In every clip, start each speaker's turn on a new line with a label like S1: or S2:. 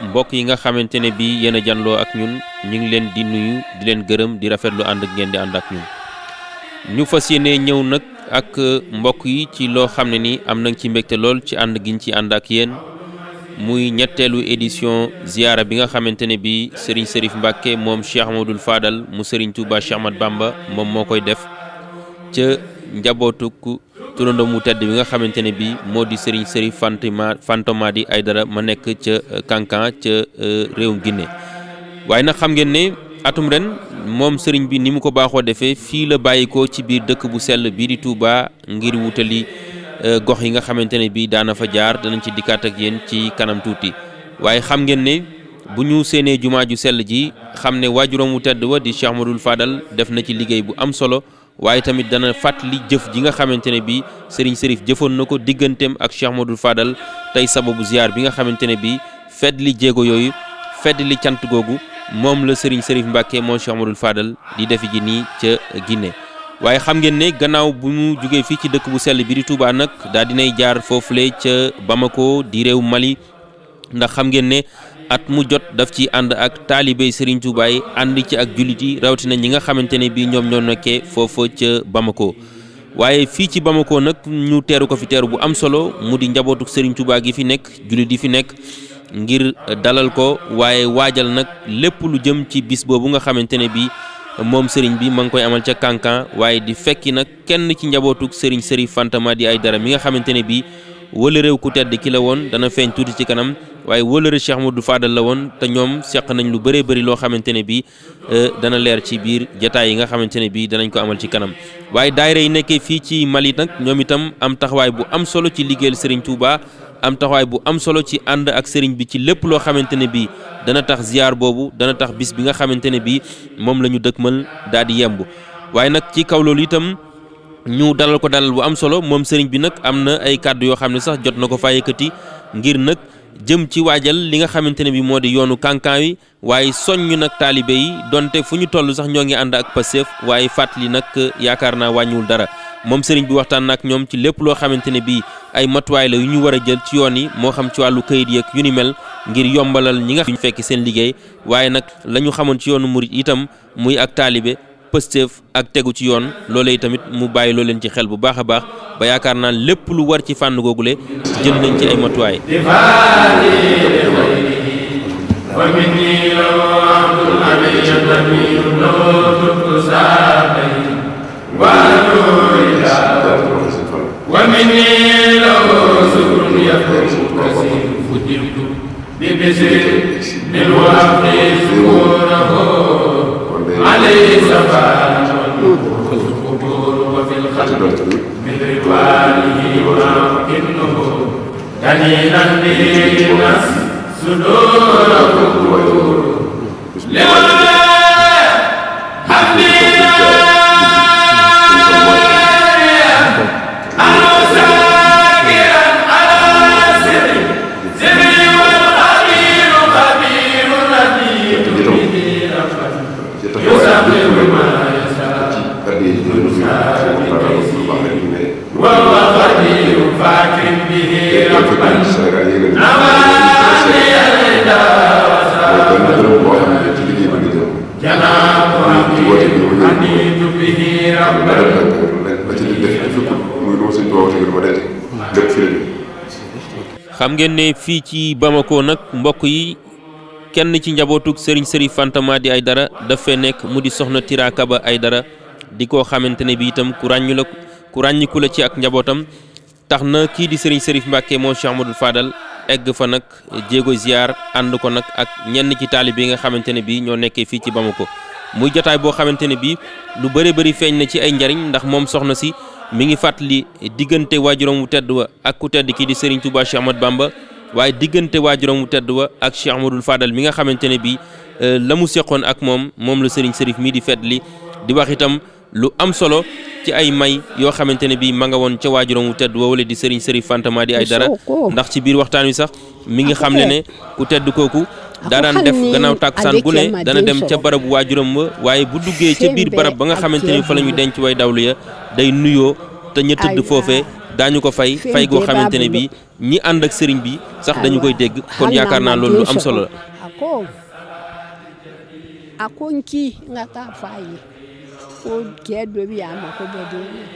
S1: mbokk yi nga xamante ne bii yéen a janloo ak ñun ñu ngi leen di nuyu di leen gërëm di rafetlu ànd ak ngeen di ànd ak ñun ñu fas yéene ñëw nag ak euh, mbokk yi ci loo xam ne ni am nañ ci mbégte lool ci ànd giñ ci ànd ak yéen muy ñetteelu édition ziyaara bi nga xamante ne bii Serigne Serif Mbacke moom Cheikh Amadou Fadal mu Serigne Touba Cheikh Ahmad Bamba moom moo koy def ca njabootuk turandoo mu tedd bi nga xamante ne bii moo di sëriñ Serigne Seri di ay dara ma nekk ca Kankan ca euh, réewum Guinée waaye nag xam ngeen ne atum ren moom sëriñ bi ni mu ko baaxoo defee fii la bàyyikoo ci biir dëkk bu sell bii di Touba ngir wutali euh, gox yi nga xamante ne bii daana fa jaar danañ ci dikkaat ak yéen ci kanam tuuti waaye xam ngeen bu ñu seenee jumaa ju sell ji xam ne waajuram wu tedd wa di Cheikh Madul Fadal def na ci liggéey bu am solo. waaye tamit dana fàttali jëf ji nga xamante ne bii Serigne Serif jëfoon na ko digganteem ak Cheikh Modou Fadal tey sababu ziar bi nga xamante ne bii fedd li jéego yooyu fedd li cant googu moom la Serigne Serif Mbacke moom Cheikh Modou Fadal di defi ji nii ca Guinée. waaye xam ngeen ne gannaaw bu mu jugee fii ci dëkk bu sell bi di Touba nag daa dinay jaar foofu foofule ca Bamako di réew Mali ndax xam ngeen ne. at mu jot daf ci ànd ak taalibey Serigne Touba yi ànd ci ak jullit yi rawatina ñi nga xamante ne bii ñoom ñoo nekkee foofa ca Bamako. waaye fii ci Bamako nag ñu teeru ko fi teeru bu am solo mu di njabootu Serigne Touba gi fi nekk jullit yi fi nekk ngir dalal ko waaye waajal nag lépp lu jëm ci bis boobu nga xamante ne bii. moom sëriñ bi ma ngi koy amal ca Kankan waaye di fekki nag kenn ci njabootuk sëriñ sëri Fantama di ay dara mi nga xamante ne bii wëlëreew ku tedd ki la woon dana feeñ tuuti ci kanam waaye wëlëre Cheikh du Fadal la woon te ñoom seq nañ lu bëree bëri loo xamante ne bii euh, dana leer ci biir jataay yi nga xamante ne bii danañ ko amal ci kanam waaye daayira yi nekkee fii ci Mali nag ñoom itam am taxawaay bu am solo ci liggéeyal Serigne Touba am taxawaay bu am solo ci ànd ak sëriñ bi ci lépp loo xamante ne bii dana tax ziar boobu dana tax bis bi nga xamante ne bii moom la ñu dëkkmal daal di yemb waaye nag ci kaw loolu itam ñu dalal ko dalal bu am solo moom sëriñ bi nag am na ay kàddu yoo xam ne sax jot na ko faa yëkkati ngir nag jëm ci waajal li nga xamante ne bi moo di yoonu kankan wi waaye soññ nag taalibe yi donte fu ñu toll sax ñoo ngi ànd ak Pastef waaye fàttali nag yaakaar naa wàññiwul dara moom sëriñ bi waxtaan nag ñoom ci lépp loo xamante ne bi ay matuwaay la yu ñu war a jël ci yoon yi moo xam ci wàllu kayit yeeg yu ni mel ngir yombalal ñi nga xam ñu fekk seen liggéey waaye nag la ñu xamoon ci yoonu murit itam muy ak taalibe pësteef ak tegu ci yoon loolee tamit mu bàyyi loo leen ci xel bu baax a baax ba yaakaar naa lépp lu war ci fànn googule jël nañ ci ay matuwaay
S2: bi عليه سفاة القبور وفي الخلق من رضوانه ومكنه دليلا به الناس صدور القبور لولا
S3: حبيبا
S1: xam ne ci ngeen ne fii ci Bamako nag mbokk yi kenn ci njabootug Serigne Serigne Fanta Madi Aidara daf fee nekk mu di soxna ba ay dara di ko xamante ne bi itam ku ràññu la ku ràññiku la ci ak njabootam tax na kii di Serigne Serif Mbacke moo Cheikh Amadou Fadal. egg fa nag jéego ziar ànd ko nag ak ñenn ci taalib yi nga xamante ne bii ñoo nekkee fii ci ko muy jotaay boo xamante ne bii lu bëri bëri feeñ na ci ay njariñ ndax moom soxna si mu ngi fàttali diggante waajuram wu tedd wa ak ku tedd kii di Serigne Touba Cheikh Bamba waaye diggante waajuram wu tedd wa ak Cheikh Ahmadoul Fadal mi nga xamante ne bii euh, la mu seqoon ak moom moom la Serigne Serif mii di fedd li di wax itam. lu am solo ci ay may yoo xamante ne bii ma nga woon ca waajuram wu tedd woowale di sëriñ sëriñ Fantama di ay dara ndax ci biir waxtaan wi sax mi ngi ah, xam ne ne ku tedd kooku daadaan def gannaaw tàkkusaan gu ne dana dem ca barabu waajuram ba waaye bu duggee ca biir barab ba nga xamante ni fa la ñu denc way dawlu ya day nuyoo te ña tëdd foofee daañu ko fay fay goo xamante ne bii ñi ànd ak sëriñ bi sax dañu koy dégg kon yaakaar naa loolu lu am solo la.
S3: ko jɛ dɔ bɛ yen a mako bɛ dɔ bɛ yen.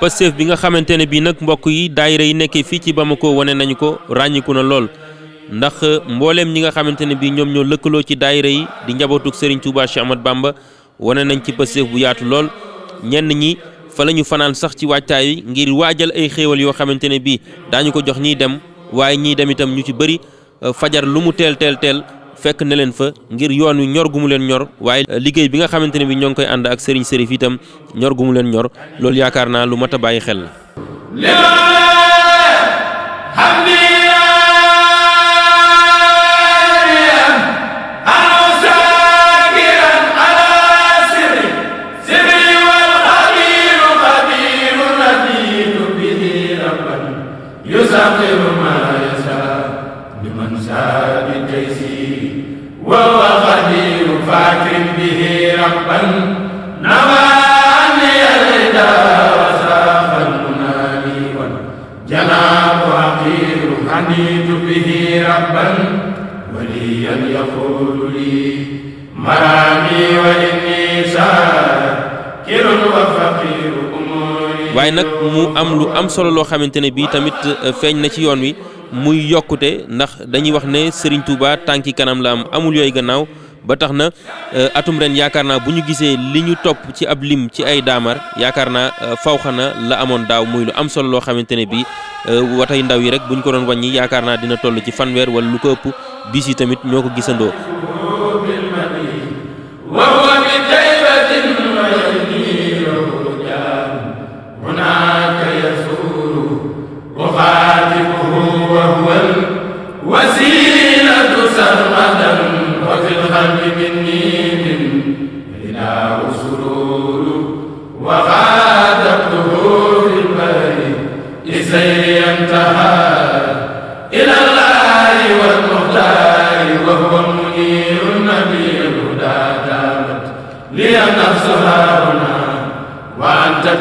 S1: Pastef bi nga xamante ne bii nag mbokk yi daayira yi nekkee fii ci Bamako wone nañu ko ràññiku na lool ndax mbooleem ñi nga xamante ne bii ñoom ñoo lëkkaloo ci daayira yi di njabootug Serigne Touba Cheikh Ahmad Bamba wane nañ ci pësteef bu yaatu lool ñenn ñi fa la ñu fanaan sax ci waajtaay yi ngir waajal ay xéewal yoo xamante ne bii daañu ko jox ñiy dem waaye ñii dem itam ñu ci bëri euh, fajar lu mu teel teel teel fekk na leen fa ngir yoon wi ñor gu mu leen ñor waaye liggéey bi nga xamante ne bi ñoo ngi koy ànd ak sëriñ sërif itam ñor gu mu leen ñor loolu yaakaar naa lu mat a bàyyi xel la am lu am solo loo xamante ne bii tamit euh, feeñ na ci yoon wi muy yokkute ndax dañuy wax ne Serigne Touba tànki kanam la am amul yooyu gannaaw ba tax na euh, atum ren yaakaar naa bu ñu gisee li ñu topp ci ab lim ci ay daamar yaakaar naa euh, fawxa na la amoon daaw muy lu am solo loo xamante ne bii watay ndaw yi rek bu ñu ko doon wàññi yaakaar naa dina toll ci fanweer wala lu ko ëpp bis yi tamit ñoo ko gisandoo.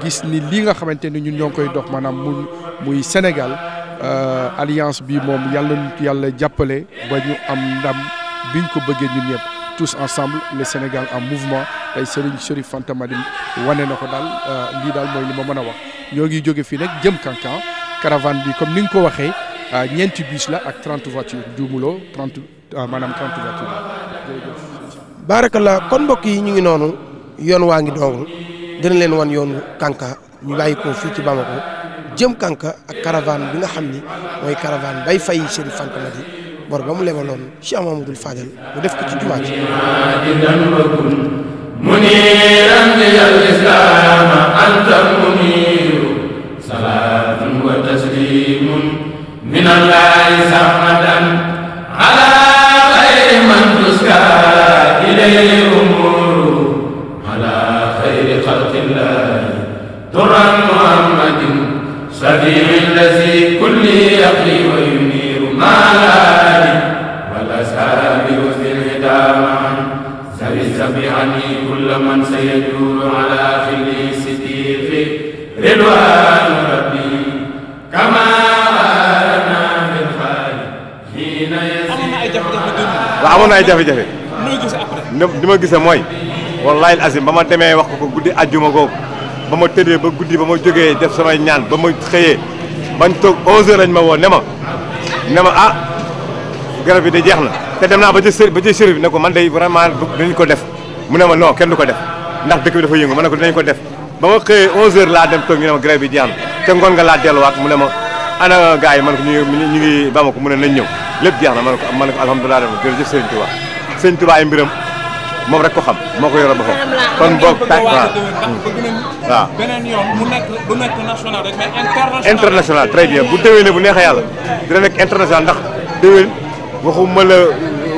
S4: gis ni li nga xamanteni ñun Sénégal euh, alliance bi mom yalla yalla ba ñu am ndam tous ensemble le Sénégal en mouvement tay Serigne Fanta série, euh, li ma wax caravane comme nous ko waxé euh, bus la 30 voitures juumuloo 30 manam 30 voitures. Baraka kon mbokk yi ngi dina leen wan yoonu Kanka ñu bàyyi ko fii ci Bamako jëm Kanka ak caravane bi nga xam ni mooy caravane bay fay Chérif Fanta Madi bor ba mu lebaloon Cheikh Mamadou Fadel mu def ko ci jumaa ji muniran lil islam
S2: anta muniru salatun wa taslimun min allahi samadan ala xayri man tuska ilayhum درا محمد شفيع الذي كل يقي وينير ما لالي والأسهاب وفي الهدى معا سبسب عني كل من سيدور على خلي ستي في رضوان ربي كما أرنا في الخالي حين يسير waaw amoon na ay jafe-jafe.
S5: li ma gisee mooy. wallaahi al azim ba ma demee wax ko ko guddi àjjuma googu. ba ma tëddee ba guddi ba ma jógee def samay ñaan ba ma xëyee bañ toog 11h lañ ma woo ne ma ne ma ah garab yi de jeex na. te dem naa ba ci ba ci sëriñ bi ne ko man day vraiment dinañ ko def mu ne ma non kenn du ko def ndax dëkk bi dafa yëngu ma ne ko dinañ ko def ba ma xëyee 11h laa dem toog ñu ne ma garab yi jeex na te ngoon nga laa delluwaat mu ne ma ana gars yi man ko ñu ngi ma ko mu ne nañ ñëw lépp jeex na ma ne ko ma ne ko alhamdulilah jërëjëf sëriñ Tuubaa sëriñ Tuubaa ay mbiram moom rek ko xam moo ko yore boppam kon boog tàkk waaw waaw
S1: beneen yoon mu bu nekk national international.
S5: international très bu déwénee bu neexee yàlla dina nekk international ndax déwén waxuma la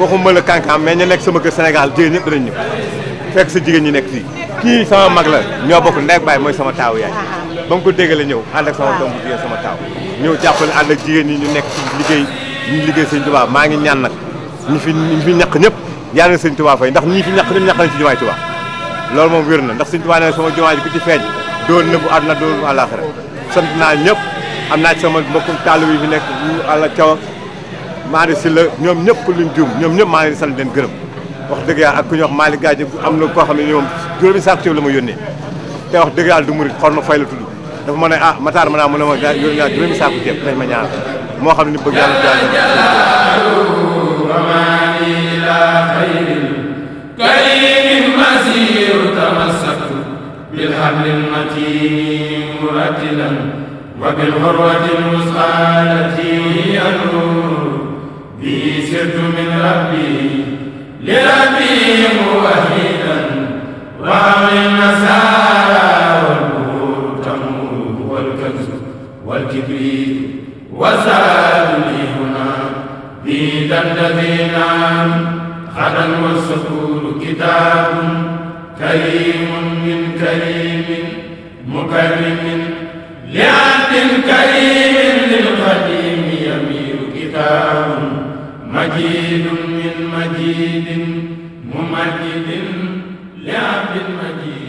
S5: waxuma la kankan mais ña nekk sama kër Sénégal jigéen ñëpp dinañ ñëw fekk jigéen ñi nekk fii kii sama mag la ñoo bokk ndey baay mooy sama taaw yaay ba mu ko déggalee ñëw ànd ak sama doom bu jigéen sama taaw ñëw jàppale ànd jigéen ñi nekk liggéey ñu liggéey seen tubaab maa ngi ñaan nag ñu fi ñu ñépp yaa na sëñ Tuubaa fay ndax ñii fi ñàkk dem ñàkk nañ ci jumaay loolu moom wér na ndax sëñ Tuubaa nee sama jumaa ji ku ci feeñ doo nëbbu àdduna doo nëbbu àllaaxira sant naa ñëpp am naa ci sama mbokkum taalibe yi fi nekk bu àlla caw maa ngi si la ñoom ñëpp ku luñ juum ñoom ñëpp maa ngi sant leen gërëm wax dëgg yàlla ak ku ñuy wax Malick Gadji am na koo xam ne ñoom juróomi saako ceeb la ma yónnee te wax dëgg yàlla du murit xor ma fay la tudd dafa ma ne ah Matar ma naa ah, mu ne ma juróomi saako ceeb nañ ma ñaar moo xam ne ni bëgg yàlla
S2: أماني إلى خير كريم مسير تمسكت بالحبل المتين مرتلا وبالغروة الوثقى التي هي النور به سرت من ربي
S5: لربي
S2: موحدا وعن النسارى والبهور تمور والكنز والكبريت والسرى الذين على والسطور كتاب كريم من كريم مكرم لآت كريم للقديم يمير كتاب مجيد من مجيد ممجد لآت مجيد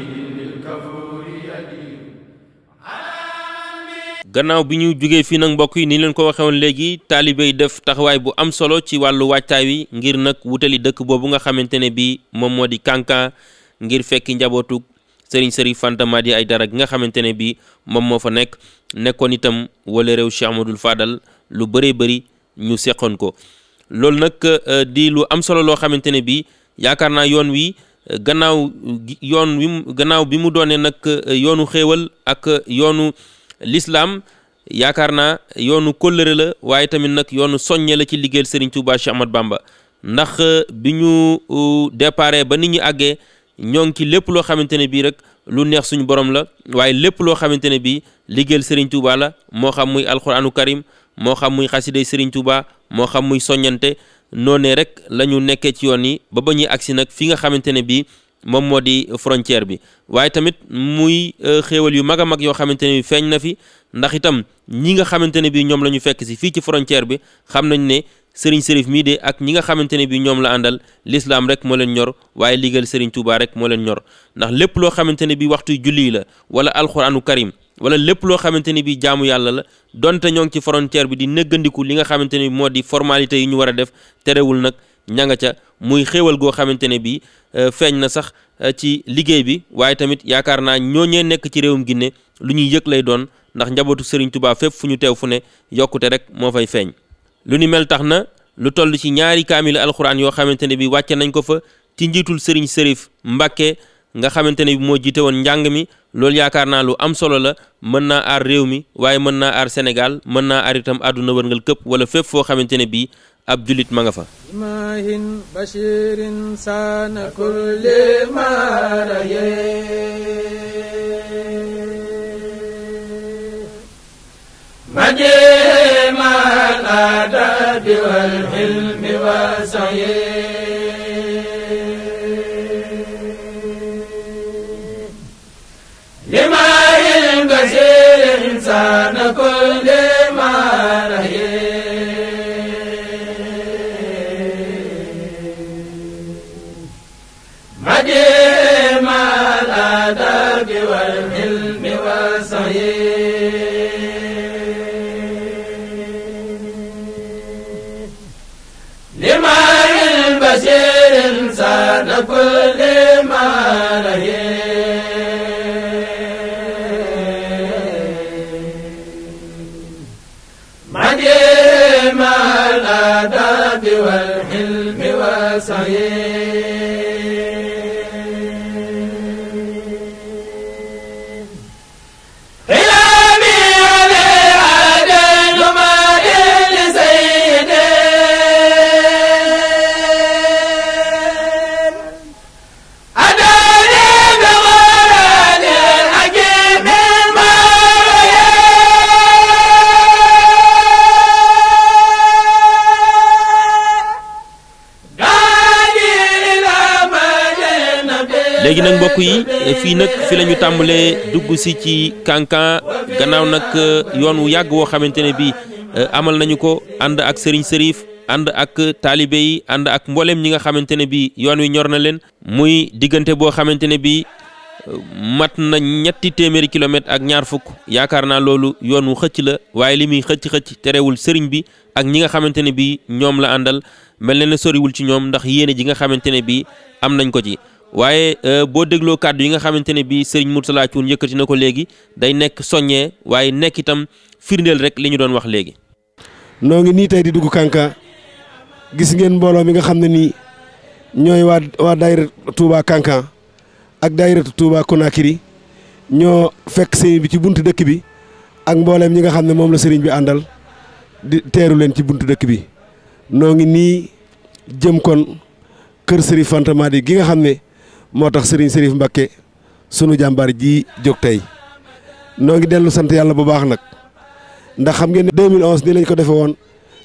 S1: gannaaw bi ñu jógee fii nag mbokk yi ni leen ko waxee woon léegi taalibe def taxawaay bu am solo ci wàllu waajtaay wi ngir nag wutali dëkk boobu nga xamante ne bii moom moo di Kankan ngir fekki njabootu Serigne Serigne Fanta Madi Aidara gi xamante ne bii moom moo fa nekk nekkoon itam wala réew Cheikh Amadou Fadal lu bëree bari ñu seqoon ko loolu nag euh, di lu am solo loo xamante ne bii yaakaar naa yoon wi. Euh, gannaaw yoon wi gannaaw bi mu doonee nag euh, yoonu xéewal ak yoonu lislaam yaakaar naa yoonu kóllëre la waaye tamit nag yoonu soññee la ci liggéeyal Serigne Touba Cheikh Ahmad Bamba ndax euh, bi ñu euh, déparé ba nit ñi àggee ñoo ngi ci lépp loo xamante ne bii rek lu neex suñu borom la waaye lépp loo xamante ne bii liggéeyal Serigne Touba la moo xam muy alxuraanu karim moo xam muy xasiday Serigne Touba moo xam muy soññante noonee rek lañu ñu nekkee ci yoon yi ba ba ñuy agsi nag fi nga xamante ne bii. moom moo di frontière bi waaye tamit muy euh, xéewal yu mag a mag yoo xamante ne bi feeñ na fi ndax itam ñi nga xamante ne bi ñoom la ñu fekk si fii ci frontière bi xam nañ ne sëriñ sërif mii de ak ñi nga xamante ne bi ñoom la àndal lislaam rek moo leen ñor waaye liggéeyal sëriñ Tuubaa rek moo leen ñor ndax lépp loo xamante ne bi waxtu julli la wala alxuraanu karim wala lépp loo xamante ni bi jaamu yàlla la donte ñoo ngi ci frontière bi di nëggandiku li nga xamante ne bi moo di formalité yi ñu war a def terewul nag ña nga ca muy xéewal goo xamante ne bi Euh, feeñ na sax euh, ci liggéey bi waaye tamit yaakaar naa ñooñee nekk ci réewum Guinée lu ñuy yëg lay doon ndax njabootu Serigne Touba fépp fu ñu teew fu ne yokkute rek moo fay feeñ lu ni mel tax na lu toll ci ñaari kaamila alxuraan yoo xamante ne bi wàcce nañ ko fa ci njiitul Serigne Serif Mbacke nga xamante ne bi moo jiite woon njàng mi lool yaakaar naa lu am solo la mën naa aar réew mi waaye mën naa aar Sénégal mën naa aar itam àdduna wërngal këpp wala fépp foo xamante ne bii ab julit ma nga
S2: bashirin saana kulli maaraye maje Nafas
S1: léegi mbokk yi fii nag fi la ñu tàmbalee dugg si ci Kankan gannaaw nag euh, yoon wu yàgg woo xamante ne bii euh, amal nañu ko ànd ak Serigne Serif ànd ak taalibe yi ànd ak mboolem ñi nga xamante ne bii yoon wi ñor na leen muy diggante boo xamante ne bii euh, mat na ñetti téeméeri kilomètre ak ñaar fukk yaakaar naa loolu yoon wu xëcc la waaye li muy xëcc-xëcc terewul sëriñ bi ak ñi nga xamante ne bii ñoom la àndal mel na ne soriwul ci ñoom ndax yéene ji nga xamante ne bii am nañ ko ci waaye euh, boo dégloo kàddu yi nga xamante ne bii Serigne Mourtala Thioune na ko léegi day nekk soññee waaye nekk itam firndeel rek li ñu doon wax léegi.
S4: noo ngi nii tey di dugg Kanka gis ngeen mbooloo mi nga xam ne nii ñooy waa waa daayira Touba Kanka ak daayira Touba Konakiri ñoo fekk sëriñ bi ci buntu dëkk bi ak mbooleem ñi nga xam ne moom la sëriñ bi àndal di teeru leen ci buntu dëkk bi noo ngi nii jëm kon kër sëriñ Fanta Madi gi nga xam ne. motax serigne serif Sërif sunu jambar ji jog tay no ngi delu sant yalla bu baax nak ndax xam ngeen 2011 ni lañ ko defé won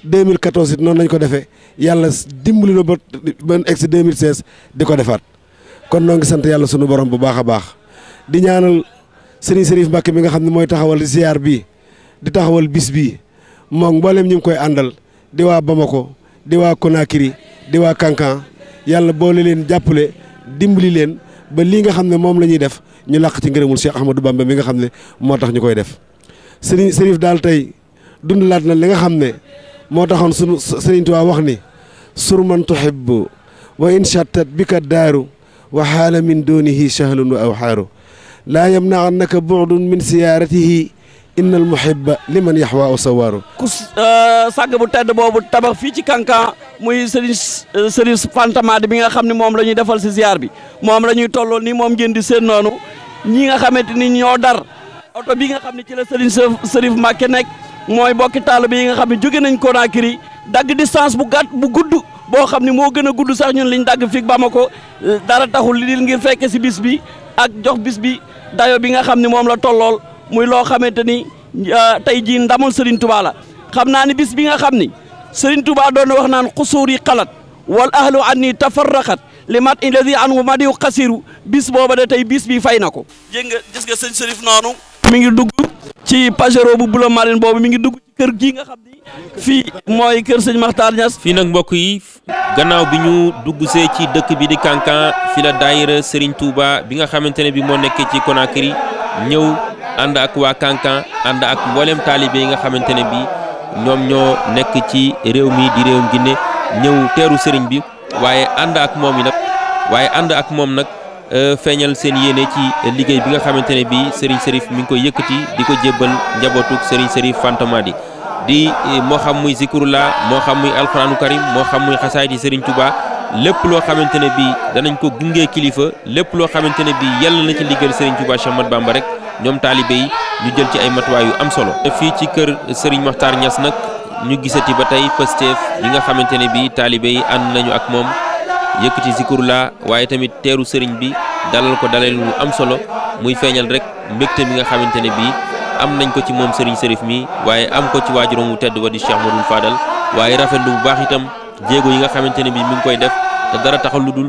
S4: 2014 it noonu lañ ko defé yalla dimbali no ba ben ex 2016 diko defat kon no ngi sant yalla sunu borom bu baax a baax di ñaanal serigne serif Mbakke mi nga xamni moy taxawal ziar bi di taxawal bis bi moom mboolem ñu koy andal di wa Bamako di wa Conakry di wa Kankan yalla bo leen jappale dimbali leen ba li nga xamne mom lañuy def ñu làq ci ngeerumul Cheikh Ahmadou Bamba mi nga xamne ne moo tax ñu def serigne sërif dal tay dund lat na li nga xamne mo taxon sunu serigne Tuubaa wax ni sur man tuhibbu wa in shattat bika daru wa hal min dunihi shahlun wa awxaaru la yamnaannaka bu'dun min siyaratihi innal muhibba liman yahwa wa sawaru ku eh, sàgg bu tedd bobu tabax fi ci kanka muy serigne eh, serigne fantamade bi nga xamni mom lañuy defal ci ziar bi mom lañuy tollo ni mom ngeen di seen ñi nga xamanteni ni dar auto bi nga xamni ci la serigne serif Mbàkke nek moy bokki yi nga xamni ne nañ Conakry dag distance bu gat bu gudd bo xamni mo gëna gudd sax ñun liñ dag fii Bamako eh, dara taxul li ngir fekke ci bis bi ak jox bis bi dayo bi nga xamni mom la tollol muy loo xamante ni euh, tey jii ndamul Serigne Touba la xam naa ni bis bi nga xam ni Serigne Touba doon wax naan xusuur yi xalat wal ahlu anni tafarraqat li mat illadi an wu madiw xasiru bis booba de tey bis bi fay na ko. dégg nga gis nga sëñ Serif noonu.
S1: mi ngi dugg ci pajero bu bula marine boobu mi ngi dugg ci kër gi nga xam ni fii mooy kër sëñ Makhtar Niass. fii nag mbokk yi gannaaw bi ñu dugg see ci dëkk bi di Kankan fi la daayira Serigne Touba bi nga xamante ne bi moo nekkee ci Conakry ñëw. ànd ak waa Kankan ànd ak mbooleem taalibe yi nga xamante ne bii ñoom ñoo nekk ci réew mi di réewum Guinée ñëw teeru sëriñ bi waaye ànd ak moom yi nag waaye ànd ak moom nag euh, feeñal seen yéene ci liggéey bi nga xamante ne bii sëriñ Serif mu ngi koy yëkkati di ko jébbal njabootuk sëriñ Serif Fantomadi di euh, moo xam muy zikrullah moo xam muy alxuraanu karim moo xam muy xasaayit yi sëriñ Touba lépp loo xamante ne bii danañ ko gungee kilifa lépp loo xamante ne bii yàlla na ci liggéeyal sëriñ Touba Cheikh Ahmadou rek. ñoom taalibe yi ñu jël ci ay matuwaay yu am solo fii ci kër Serigne Makhtar Niass nag ñu gisati ba tey Pastef yi nga xamante ne bi taalibe yi ànd nañu ak moom yëkkati zikur la waaye tamit teeru sëriñ bi dalal ko dalal lu am solo muy feeñal rek mbégte mi nga xamante ne bii am nañ ko ci moom sëriñ sërif mi waaye am ko ci waajuram wu tedd ba di Cheikh Modou Fadal waaye rafetlu bu baax itam jéego yi nga xamante ne bii mu ngi koy def te dara taxal dul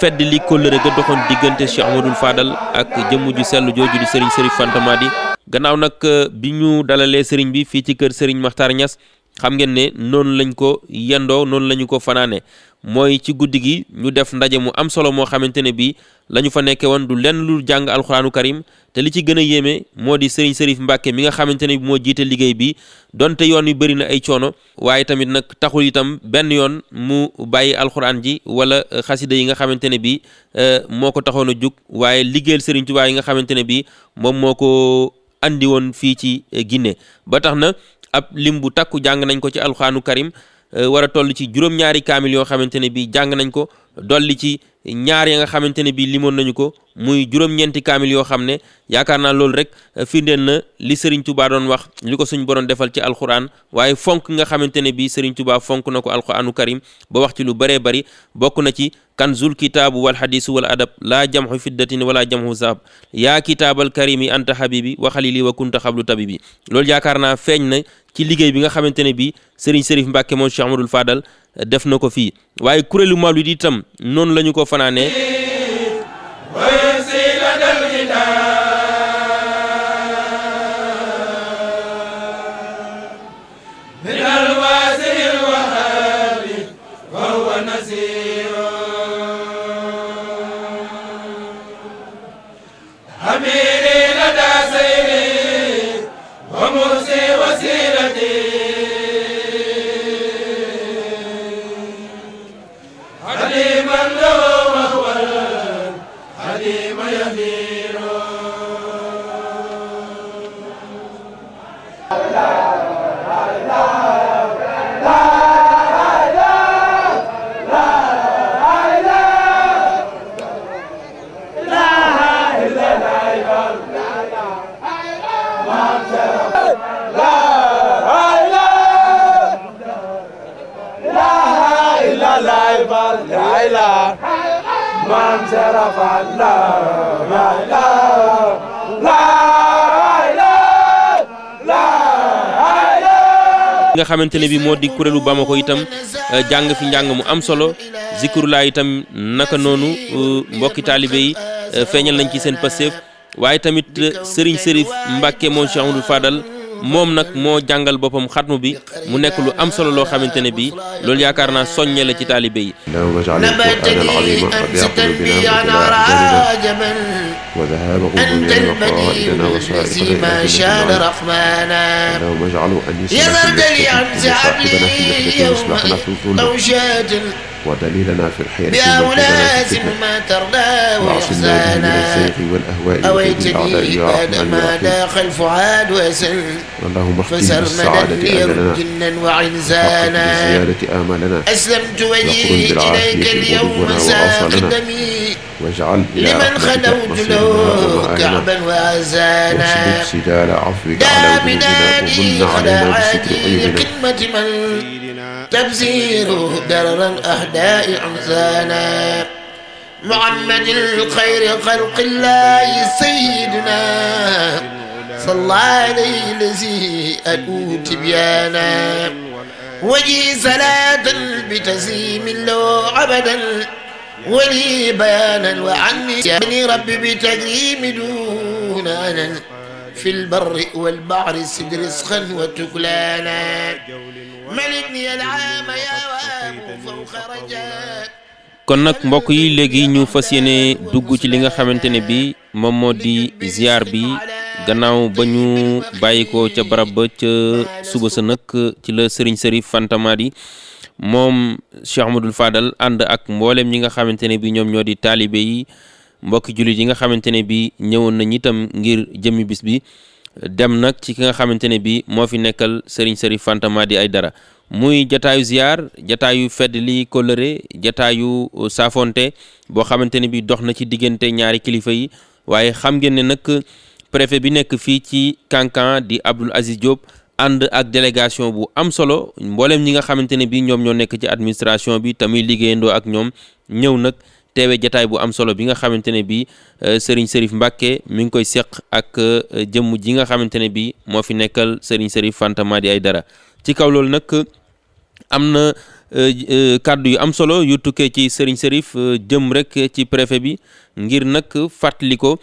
S1: fedd li kóllëre ga doxoon diggante Cheikh Amadou Fadal ak jëm ju sell jooju di Serigne Serigne Fanta Madi gannaaw nag euh, bi ñu dalalee Serigne bi fii ci kër Serigne Makhtar Niass xam ngeen ne noonu lañ ko yendoo noonu lañu ko fanaane mooy ci guddi gi ñu def ndaje mu am solo moo xamante ne bii la fa nekke woon du lenn lu jàng alxuraanu karim te li ci gën a yéeme moo di sëriñ sërif mbàkke mi nga xamante ne bi moo jiite liggéey bi donte yoon yu bëri na ay coono waaye tamit nag taxul itam benn yoon mu bàyyi alxuraan ji wala euh, xasida yi nga xamante ne bi euh, moo ko taxoon a jug waaye liggéeyal sëriñ yi nga xamante ne bi moom moo ko andi woon fii ci Guinée ba tax na ab lim bu takku jàng nañ ko ci alxuraanu karim war a toll ci juróom-ñaari kaamil yoo xamante ne bii jàng nañ ko dolli ci ñaar ya nga xamante ne bii limoon nañu ko muy juróom-ñeenti kaamil yoo xam ne yaakaar naa loolu rek euh, firndeel na li Serigne Touba doon wax li ko suñ borom defal ci alxuraan waaye fonk nga xamante ne bii Serigne Touba fonk na ko alxuraanu karim ba wax ci lu bëree bëri bokk na ci kanzul kitaabu wal xadiisu wal adab laa jamxu fiddatin wala jamxu sahab yaa kitaabal karimi anta habibi wa xalili wa kunta xablu tabibi loolu yaakaar naa feeñ na ci liggéey bi nga xamante ne bii Serigne Serif Mbacke moom Cheikh Amadou Fadal def na ko fii waaye kuréelu mawlid itam noonu lañu ko fanaanee nga xamante ne bii moo di kuréelu Bamako itam eh, jàng fi njàng mu am solo zikrulaa itam naka noonu eh, mbokki taalibe yi eh, feeñal nañ ci seen pastéef waaye tamit Serigne Serif Mbacke moom Cheikh Amadou Fadal moom nag moo jàngal boppam xatmu bi mu nekk lu am solo loo xamante ne bii loolu yaakaar naa soññe la ci taalibe yi.
S3: وذهاب أنت البديع الذي ما شاء رحمانا اللهم اجعله أن يسرك لي عن زعبنا يوم أو شاد ودليلنا في الحياة بأولازم ما ترضى اويت أويتني بعد ما داخل الفعاد وسل فسرمدا لي جنا وعنزانا أسلمت وجهي إليك اليوم ساقدمي واجعل لمن خلوت له كعبا وأزانا سدال عفوك على قلوبنا ومن علينا بستر لخدمة من تبزيره درر الأهداء عمزانا محمد الخير خلق الله سيدنا صلى عليه الذي أدعو بيانا وجي صلاة بتزيم الله أبدا ولي بيانا وعني يعني ربي بتكريم دون أنا في البر والبحر سد رزقا وتكلانا ملكني العام يا واب
S1: فوق رجاك kon nag mbokk yi léegi ñu fas yéene dugg ci li nga xamante ne bi moom moo di ziar bi gannaaw ba ñu bàyyi ko ca barab ba ca suba sa nag ci la Serigne Serif Fanta Madi moom Cheikh dul Fadal ànd ak mboolem ñi nga xamante ne bi ñoom ñoo di taalibe yi mbokki jullit yi nga xamante ne bi ñëwoon nañ itam ngir jëmmi bis bi dem nag ci ki nga xamante ne bi moo fi nekkal sëriñ sëriñ di ay dara muy jataayu ziar jataayu fedd li kolere jataayu saafonte boo xamante ne bi dox na ci diggante ñaari kilifa yi waaye xam ngeen ne nag préfet bi nekk fii ci Kankan di Abdoul Aziz Diop ànd ak délégation bu am solo mboolem ñi nga xamante ne bii ñoom ñoo nekk ci administration bi tamit liggéeyandoo ak ñoom ñëw nag teewe jataay bu am solo bi nga xamante ne bii euh, Serigne Serif Mbacke mi ngi koy seq ak euh, jëmm ji nga xamante ne bii moo fi nekkal Serigne Serif Fanta ay dara ci kaw loolu nag euh, am na kàddu yu am solo yu tukkee ci Serigne sërif jëm rek ci préfet bi ngir nag fàttali ko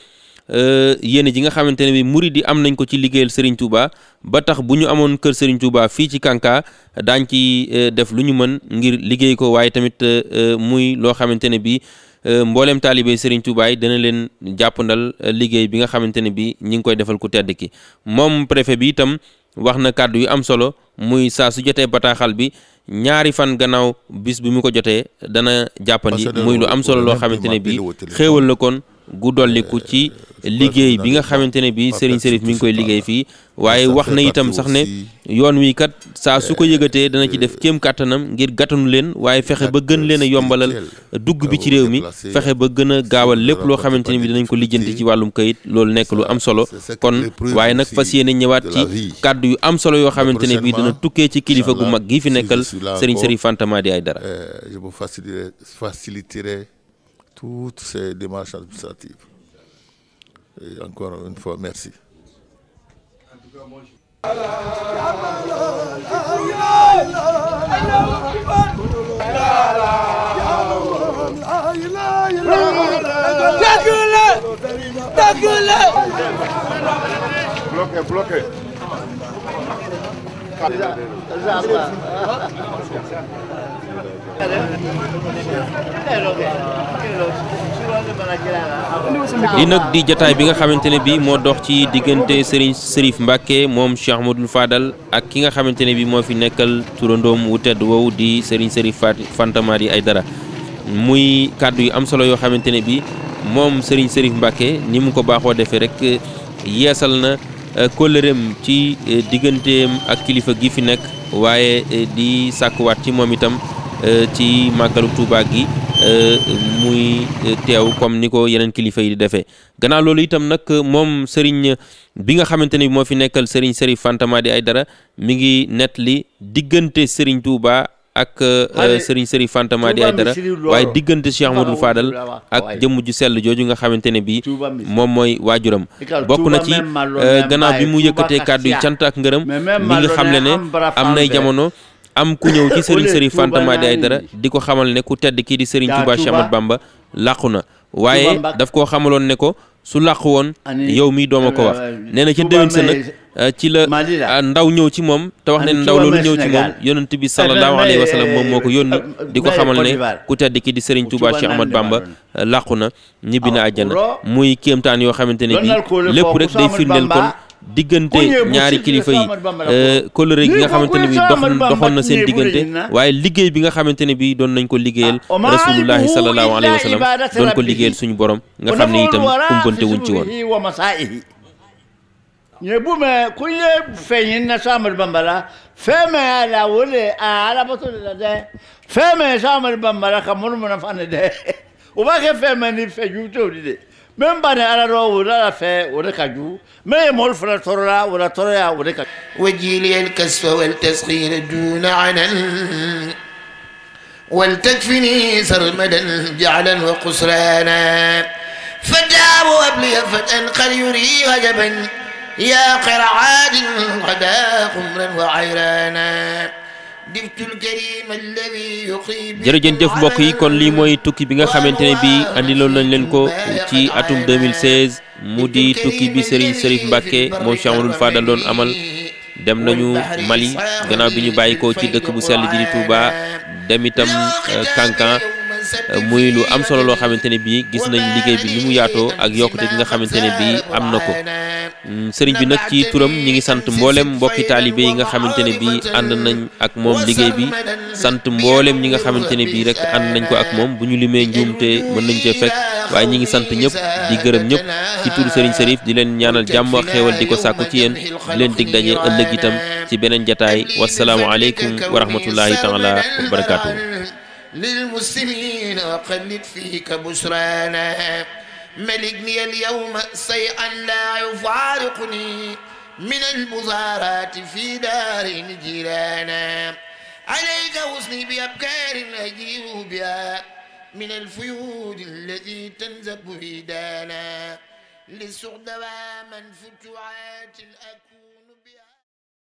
S1: Euh, yéene ji nga xamante ne bi murid di am nañ ko ci liggéeyal Serigne Touba ba tax bu ñu amoon kër Serigne Touba fii ci Kanka daañ ci euh, def lu ñu mën ngir liggéey ko waaye tamit euh, muy loo xamante ne bi mbooleem taalibe Serigne Touba yi dana leen jàppandal liggéey bi nga xamante ne bi ñi ngi koy defal ku tedd ki moom préfet bi itam wax na kàddu yu am solo muy saa su jotee bataaxal bi ñaari fan gannaaw bis bi mu ko jotee dana jàppandi muy lu am solo loo xamante ne bi xéewal na kon gu dolliku ci liggéey bi nga xamante ne bii Serigne Serif mi ngi koy liggéey fii waaye wax na itam sax ne yoon wii kat saa su ko yëgatee dana ci def kéem kàttanam ngir gàttanu leen waaye fexe ba gën leen a yombalal dugg bi ci réew mi fexe ba gën a gaawal lépp loo xamante ne bi danañ ko lijjanti ci wàllum kayit loolu nekk lu am solo kon waaye nag fas yéene ñëwaat ci kàddu yu am solo yoo xamante ne bii dana tukkee ci kilifa gu mag gi fi nekkal Serigne Serif Fanta Madi Aïdara.
S4: Euh, je vous faciliterai toutes ces démarches administratives. Et encore une fois, merci.
S3: li nag di jataay bi nga
S1: xamante ne bii moo dox ci diggante Serigne Serif Mbacke moom Cheikh Ahmadoul Fadal ak ki nga xamante ne bii moo fi nekkal turandoom wu tedd woowu di Serigne Serif Fanta Madi Aidara muy kàddu yu am solo yoo xamante ne bii moom sëriñ Serif Mbacke ni mu ko baaxoo defee rek yeesal na euh, kóllëreem ci euh, digganteem ak kilifa gi fi nekk waaye euh, di sàkkuwaat ci moom itam. Euh, ci màggalu Touba gi euh, muy teew comme ni ko yeneen kilifa yi di defee gannaaw loolu itam nag moom sëriñ bi nga xamante ni moo fi nekkal sëriñ Serif Fanta Madi Aidara mi ngi nettali diggante sëriñ Touba ak euh, sëriñ Serif Fanta Madi Aidara waaye diggante Cheikh Amadou Fadal ak jëmm ju sell jooju nga xamante ne bii moom mooy waajuram bokk na ci gannaaw bi mu yëkkatee kàddu yi cant ak ngërëm mi ngi xam ne ne am nay jamono. am ku ñëw ci Serigne Serigne Fanta di ko xamal ne ku tedd kii di Serigne Touba Cheikh Ahmadou Bamba na waaye daf koo xamaloon ne ko su làqu woon yow mii dooma ko wax nee na ca déwén sa nag ci ah, ndaw ñëw ci moom te wax ne ndaw loolu ñëw ci moom yonent bi sallallahu alayhi wa eh, sallam moom moo ko yónni di ko xamal ne ku tedd kii di Serigne Touba Cheikh Ahmadou Bamba eh, làqu na ñibbi na ah, àjjana muy kéemtaan yoo xamante ne bii lépp rek day firndeel kon. digënté ñaari kilifa yi kóllëre gi nga xamante bi dox doxoon na seen diggante waaye liggéey bi nga xamanteni bi doon nañ ko liggéeyal rasulullahi sallallahu alayhi wa doon ko liggéeyal suñu borom nga xam itam umpante wuñ ci woon
S3: يبوما كل فين نسام البمبلا فما على ولي على بطل ده فما نسام البمبلا كمر من فن ده وباقي فما نفجوتو ده من بني أنا ولا في ولا كجو ما يمول فلا ترى ولا ترى ولا كجو وجيلي الكسف والتسخير دون عنا ولتكفني سرمدا جعلا وقسرانا فجاب أبلي فتى قد يري غجبا يا قرعاد غدا خمرا وعيرانا
S1: jërëjëf mbokk yi kon lii mooy tukki bi nga xamante ne bii andiloon nañ leen ko ci atum 2016 mu di tukki bi Serigne Serif Mbacke moom Cheikh Amadou Fadal doon amal dem nañu Mali gannaaw bi ñu bàyyi ko ci dëkk bu sell bi di Touba dem itam euh, Kankan Euh, muy lu am solo loo xamante ne bii gis nañ liggéey bi ni mu yaatoo ak yokkute gi nga xamante ne bii am na ko mm, sëriñ bi nag ci turam ñi ngi sant mbooleem mbokki taalibe yi nga xamante ne bii ànd nañ ak moom liggéey bi sant mboolem ñi nga xamante ne bii rek ànd nañ ko ak moom bu ñu limee njuumte mën nañ cee fekk waaye ñi ngi sant ñëpp di gërëm ñëpp ci turu sëriñ Serif di leen ñaanal jàmm ak di ko sàkku ci yéen di leen dig daje ëllëg itam ci beneen jataay wasalaamu aleykum wa rahmatullahi taala wa barakaatu.
S3: بنا وخلد فيك بشرانا ملكني اليوم شيئا لا يفارقني من المزارات في دار جيرانا عليك وصني بأبكار أجيب بها من الفيود الذي تنزب في دانا للسعد ومن فتوعات الأكوان